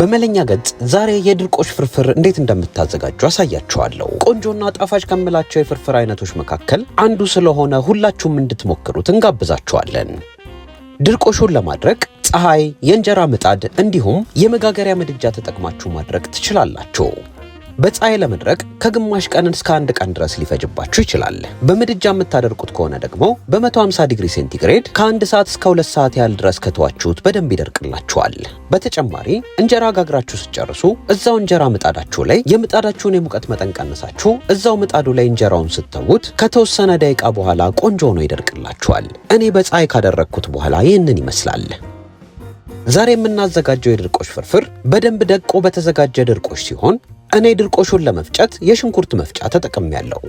በመለኛ ገጽ ዛሬ የድርቆሽ ፍርፍር እንዴት እንደምታዘጋጁ አሳያችኋለሁ። ቆንጆና ጣፋጭ ከምላቸው የፍርፍር አይነቶች መካከል አንዱ ስለሆነ ሁላችሁም እንድትሞክሩት እንጋብዛችኋለን። ድርቆሹን ለማድረግ ፀሐይ፣ የእንጀራ ምጣድ እንዲሁም የመጋገሪያ ምድጃ ተጠቅማችሁ ማድረግ ትችላላችሁ። በፀሐይ ለመድረቅ ከግማሽ ቀን እስከ አንድ ቀን ድረስ ሊፈጅባችሁ ይችላል። በምድጃ የምታደርቁት ከሆነ ደግሞ በ150 ዲግሪ ሴንቲግሬድ ከአንድ ሰዓት እስከ ሁለት ሰዓት ያህል ድረስ ከተዋችሁት በደንብ ይደርቅላችኋል። በተጨማሪ እንጀራ ጋግራችሁ ስጨርሱ እዛው እንጀራ ምጣዳችሁ ላይ የምጣዳችሁን የሙቀት መጠን ቀንሳችሁ እዛው ምጣዱ ላይ እንጀራውን ስተዉት ከተወሰነ ደቂቃ በኋላ ቆንጆ ሆኖ ይደርቅላችኋል። እኔ በፀሐይ ካደረግኩት በኋላ ይህንን ይመስላል። ዛሬ የምናዘጋጀው የድርቆሽ ፍርፍር በደንብ ደቆ በተዘጋጀ ድርቆሽ ሲሆን እኔ ድርቆሹን ለመፍጨት የሽንኩርት መፍጫ ተጠቅሜያለሁ።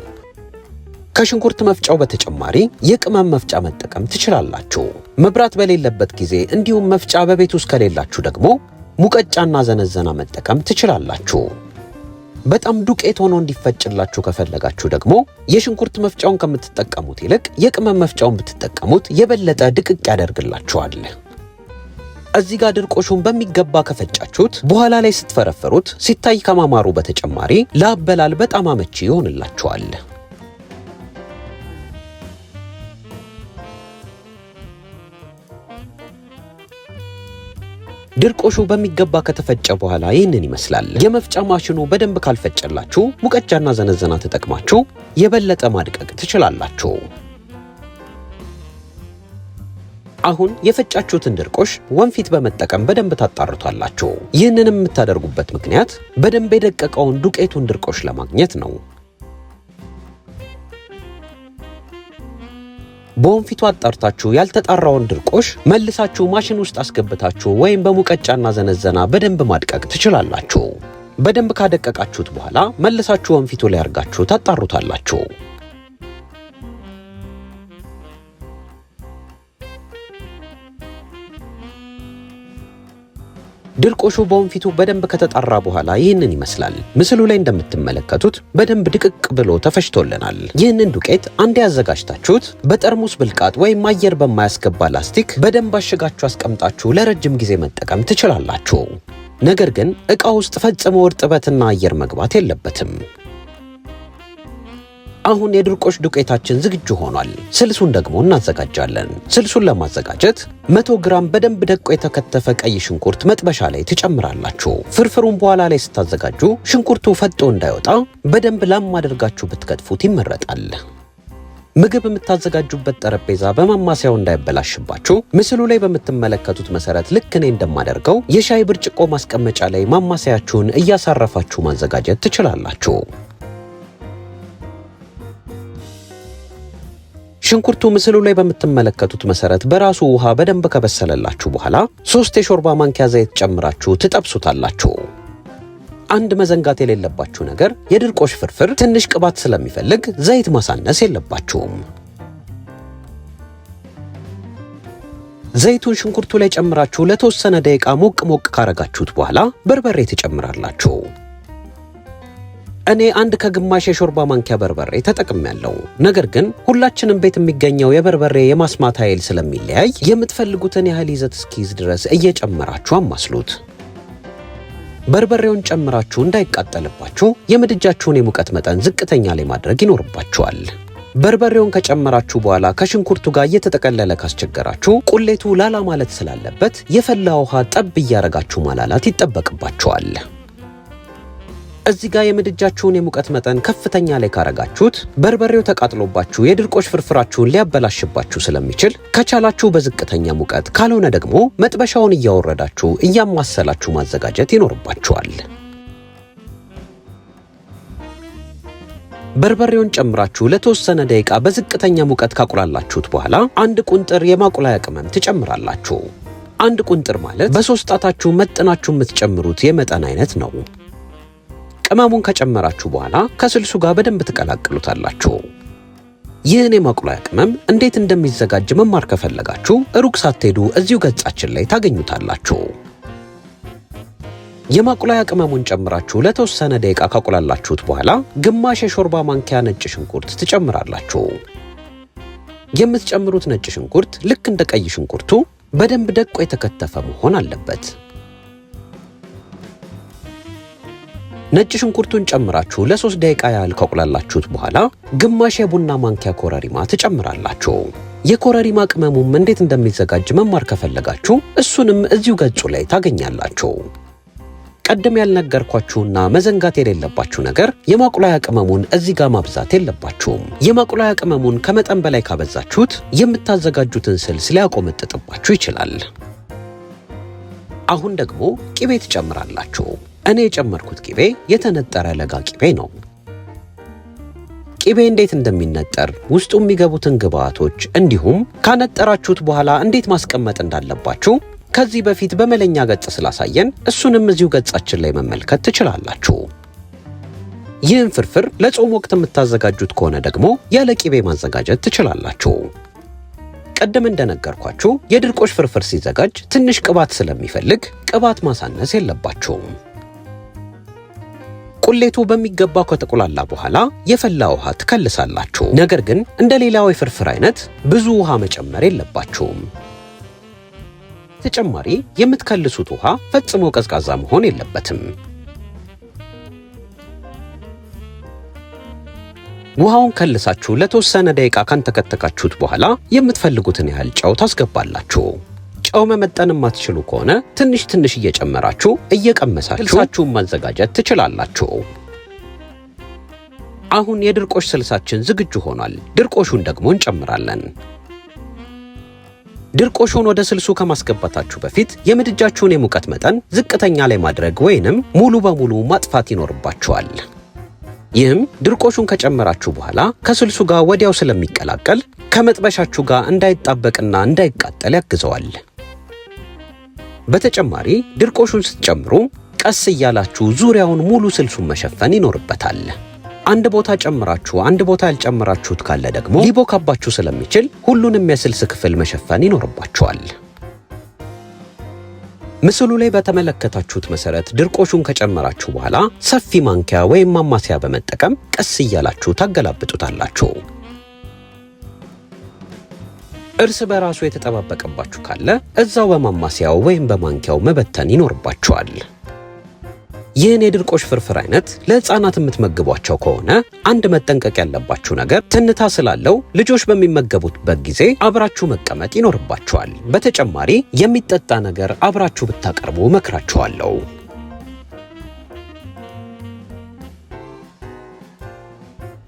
ከሽንኩርት መፍጫው በተጨማሪ የቅመም መፍጫ መጠቀም ትችላላችሁ። መብራት በሌለበት ጊዜ እንዲሁም መፍጫ በቤት ውስጥ ከሌላችሁ ደግሞ ሙቀጫና ዘነዘና መጠቀም ትችላላችሁ። በጣም ዱቄት ሆኖ እንዲፈጭላችሁ ከፈለጋችሁ ደግሞ የሽንኩርት መፍጫውን ከምትጠቀሙት ይልቅ የቅመም መፍጫውን ብትጠቀሙት የበለጠ ድቅቅ ያደርግላችኋል። እዚህ ጋር ድርቆሹን በሚገባ ከፈጫችሁት በኋላ ላይ ስትፈረፈሩት ሲታይ ከማማሩ በተጨማሪ ለአበላል በጣም አመቺ ይሆንላችኋል። ድርቆሹ በሚገባ ከተፈጨ በኋላ ይህንን ይመስላል። የመፍጫ ማሽኑ በደንብ ካልፈጨላችሁ ሙቀጫና ዘነዘና ተጠቅማችሁ የበለጠ ማድቀቅ ትችላላችሁ። አሁን የፈጫችሁትን ድርቆሽ ወንፊት በመጠቀም በደንብ ታጣርቷላችሁ። ይህንን የምታደርጉበት ምክንያት በደንብ የደቀቀውን ዱቄቱን ድርቆሽ ለማግኘት ነው። በወንፊቱ አጣርታችሁ ያልተጣራውን ድርቆሽ መልሳችሁ ማሽን ውስጥ አስገብታችሁ ወይም በሙቀጫና ዘነዘና በደንብ ማድቀቅ ትችላላችሁ። በደንብ ካደቀቃችሁት በኋላ መልሳችሁ ወንፊቱ ላይ አርጋችሁ ታጣሩታላችሁ። ድርቆሹ በወንፊቱ በደንብ ከተጣራ በኋላ ይህንን ይመስላል። ምስሉ ላይ እንደምትመለከቱት በደንብ ድቅቅ ብሎ ተፈጭቶልናል። ይህንን ዱቄት አንዴ ያዘጋጅታችሁት በጠርሙስ ብልቃጥ ወይም አየር በማያስገባ ላስቲክ በደንብ አሽጋችሁ አስቀምጣችሁ ለረጅም ጊዜ መጠቀም ትችላላችሁ። ነገር ግን ዕቃ ውስጥ ፈጽሞ እርጥበትና አየር መግባት የለበትም። አሁን የድርቆሽ ዱቄታችን ዝግጁ ሆኗል። ስልሱን ደግሞ እናዘጋጃለን። ስልሱን ለማዘጋጀት 100 ግራም በደንብ ደቆ የተከተፈ ቀይ ሽንኩርት መጥበሻ ላይ ትጨምራላችሁ። ፍርፍሩን በኋላ ላይ ስታዘጋጁ ሽንኩርቱ ፈጦ እንዳይወጣ በደንብ ላም አድርጋችሁ ብትከትፉት ይመረጣል። ምግብ የምታዘጋጁበት ጠረጴዛ በማማሰያው እንዳይበላሽባችሁ ምስሉ ላይ በምትመለከቱት መሰረት ልክ እኔ እንደማደርገው የሻይ ብርጭቆ ማስቀመጫ ላይ ማማሰያችሁን እያሳረፋችሁ ማዘጋጀት ትችላላችሁ። ሽንኩርቱ ምስሉ ላይ በምትመለከቱት መሰረት በራሱ ውሃ በደንብ ከበሰለላችሁ በኋላ ሶስት የሾርባ ማንኪያ ዘይት ጨምራችሁ ትጠብሱታላችሁ። አንድ መዘንጋት የሌለባችሁ ነገር የድርቆሽ ፍርፍር ትንሽ ቅባት ስለሚፈልግ ዘይት ማሳነስ የለባችሁም። ዘይቱን ሽንኩርቱ ላይ ጨምራችሁ ለተወሰነ ደቂቃ ሞቅ ሞቅ ካረጋችሁት በኋላ በርበሬ ትጨምራላችሁ። እኔ አንድ ከግማሽ የሾርባ ማንኪያ በርበሬ ተጠቅም ያለው። ነገር ግን ሁላችንም ቤት የሚገኘው የበርበሬ የማስማት ኃይል ስለሚለያይ የምትፈልጉትን ያህል ይዘት እስኪይዝ ድረስ እየጨመራችሁ አማስሉት። በርበሬውን ጨምራችሁ እንዳይቃጠልባችሁ የምድጃችሁን የሙቀት መጠን ዝቅተኛ ላይ ማድረግ ይኖርባችኋል። በርበሬውን ከጨመራችሁ በኋላ ከሽንኩርቱ ጋር እየተጠቀለለ ካስቸገራችሁ ቁሌቱ ላላ ማለት ስላለበት የፈላ ውሃ ጠብ እያረጋችሁ ማላላት ይጠበቅባችኋል። እዚህ ጋር የምድጃችሁን የሙቀት መጠን ከፍተኛ ላይ ካረጋችሁት በርበሬው ተቃጥሎባችሁ የድርቆሽ ፍርፍራችሁን ሊያበላሽባችሁ ስለሚችል ከቻላችሁ በዝቅተኛ ሙቀት፣ ካልሆነ ደግሞ መጥበሻውን እያወረዳችሁ እያማሰላችሁ ማዘጋጀት ይኖርባችኋል። በርበሬውን ጨምራችሁ ለተወሰነ ደቂቃ በዝቅተኛ ሙቀት ካቁላላችሁት በኋላ አንድ ቁንጥር የማቁላያ ቅመም ትጨምራላችሁ። አንድ ቁንጥር ማለት በሶስት ጣታችሁ መጠናችሁ የምትጨምሩት የመጠን አይነት ነው። ቅመሙን ከጨመራችሁ በኋላ ከስልሱ ጋር በደንብ ትቀላቅሉታላችሁ። ይህን የማቁላያ ቅመም እንዴት እንደሚዘጋጅ መማር ከፈለጋችሁ ሩቅ ሳትሄዱ እዚሁ ገጻችን ላይ ታገኙታላችሁ። የማቁላያ ቅመሙን ጨምራችሁ ለተወሰነ ደቂቃ ካቁላላችሁት በኋላ ግማሽ የሾርባ ማንኪያ ነጭ ሽንኩርት ትጨምራላችሁ። የምትጨምሩት ነጭ ሽንኩርት ልክ እንደ ቀይ ሽንኩርቱ በደንብ ደቆ የተከተፈ መሆን አለበት። ነጭ ሽንኩርቱን ጨምራችሁ ለሶስት ደቂቃ ያህል ከቁላላችሁት በኋላ ግማሽ የቡና ማንኪያ ኮረሪማ ትጨምራላችሁ። የኮረሪማ ቅመሙም እንዴት እንደሚዘጋጅ መማር ከፈለጋችሁ እሱንም እዚሁ ገጹ ላይ ታገኛላችሁ። ቀደም ያልነገርኳችሁና መዘንጋት የሌለባችሁ ነገር የማቁላያ ቅመሙን እዚህ ጋር ማብዛት የለባችሁም። የማቁላያ ቅመሙን ከመጠን በላይ ካበዛችሁት የምታዘጋጁትን ስልስ ሊያቆመጥጥባችሁ ይችላል። አሁን ደግሞ ቅቤ ትጨምራላችሁ። እኔ የጨመርኩት ቂቤ የተነጠረ ለጋ ቂቤ ነው። ቂቤ እንዴት እንደሚነጠር ውስጡ የሚገቡትን ግብአቶች እንዲሁም ካነጠራችሁት በኋላ እንዴት ማስቀመጥ እንዳለባችሁ ከዚህ በፊት በመለኛ ገጽ ስላሳየን እሱንም እዚሁ ገጻችን ላይ መመልከት ትችላላችሁ። ይህን ፍርፍር ለጾም ወቅት የምታዘጋጁት ከሆነ ደግሞ ያለ ቂቤ ማዘጋጀት ትችላላችሁ። ቀደም እንደነገርኳችሁ የድርቆሽ ፍርፍር ሲዘጋጅ ትንሽ ቅባት ስለሚፈልግ ቅባት ማሳነስ የለባችሁም። ቁሌቱ በሚገባ ከተቆላላ በኋላ የፈላ ውሃ ትከልሳላችሁ። ነገር ግን እንደ ሌላው የፍርፍር አይነት ብዙ ውሃ መጨመር የለባችሁም። ተጨማሪ የምትከልሱት ውሃ ፈጽሞ ቀዝቃዛ መሆን የለበትም። ውሃውን ከልሳችሁ ለተወሰነ ደቂቃ ካንተከተካችሁት በኋላ የምትፈልጉትን ያህል ጨው ታስገባላችሁ። ጨው መመጠን የማትችሉ ከሆነ ትንሽ ትንሽ እየጨመራችሁ እየቀመሳችሁ ስልሳችሁን ማዘጋጀት ትችላላችሁ። አሁን የድርቆሽ ስልሳችን ዝግጁ ሆኗል። ድርቆሹን ደግሞ እንጨምራለን። ድርቆሹን ወደ ስልሱ ከማስገባታችሁ በፊት የምድጃችሁን የሙቀት መጠን ዝቅተኛ ላይ ማድረግ ወይንም ሙሉ በሙሉ ማጥፋት ይኖርባችኋል። ይህም ድርቆሹን ከጨመራችሁ በኋላ ከስልሱ ጋር ወዲያው ስለሚቀላቀል ከመጥበሻችሁ ጋር እንዳይጣበቅና እንዳይቃጠል ያግዘዋል። በተጨማሪ ድርቆሹን ስትጨምሩ ቀስ እያላችሁ ዙሪያውን ሙሉ ስልሱን መሸፈን ይኖርበታል። አንድ ቦታ ጨምራችሁ አንድ ቦታ ያልጨምራችሁት ካለ ደግሞ ሊቦካባችሁ ስለሚችል ሁሉንም የስልስ ክፍል መሸፈን ይኖርባችኋል። ምስሉ ላይ በተመለከታችሁት መሰረት ድርቆሹን ከጨመራችሁ በኋላ ሰፊ ማንኪያ ወይም ማማሰያ በመጠቀም ቀስ እያላችሁ ታገላብጡታላችሁ። እርስ በራሱ የተጠባበቀባችሁ ካለ እዛው በማማሰያው ወይም በማንኪያው መበተን ይኖርባችኋል። ይህን የድርቆሽ ፍርፍር አይነት ለህፃናት የምትመግቧቸው ከሆነ አንድ መጠንቀቅ ያለባችሁ ነገር ትንታ ስላለው ልጆች በሚመገቡትበት ጊዜ አብራችሁ መቀመጥ ይኖርባችኋል። በተጨማሪ የሚጠጣ ነገር አብራችሁ ብታቀርቡ መክራችኋለሁ።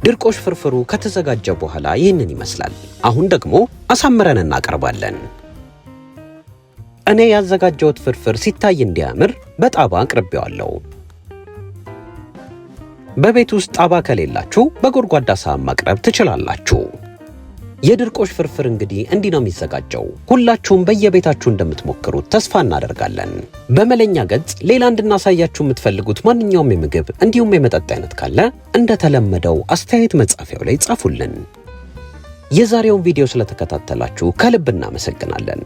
ድርቆሽ ፍርፍሩ ከተዘጋጀ በኋላ ይህንን ይመስላል። አሁን ደግሞ አሳምረን እናቀርባለን። እኔ ያዘጋጀሁት ፍርፍር ሲታይ እንዲያምር በጣባ አቅርቤዋለሁ። በቤት ውስጥ ጣባ ከሌላችሁ በጎድጓዳ ሳህን ማቅረብ ትችላላችሁ። የድርቆሽ ፍርፍር እንግዲህ እንዲህ ነው የሚዘጋጀው። ሁላችሁም በየቤታችሁ እንደምትሞክሩት ተስፋ እናደርጋለን። በመለኛ ገጽ ሌላ እንድናሳያችሁ የምትፈልጉት ማንኛውም የምግብ እንዲሁም የመጠጥ አይነት ካለ እንደተለመደው አስተያየት መጻፊያው ላይ ጻፉልን። የዛሬውን ቪዲዮ ስለተከታተላችሁ ከልብ እናመሰግናለን።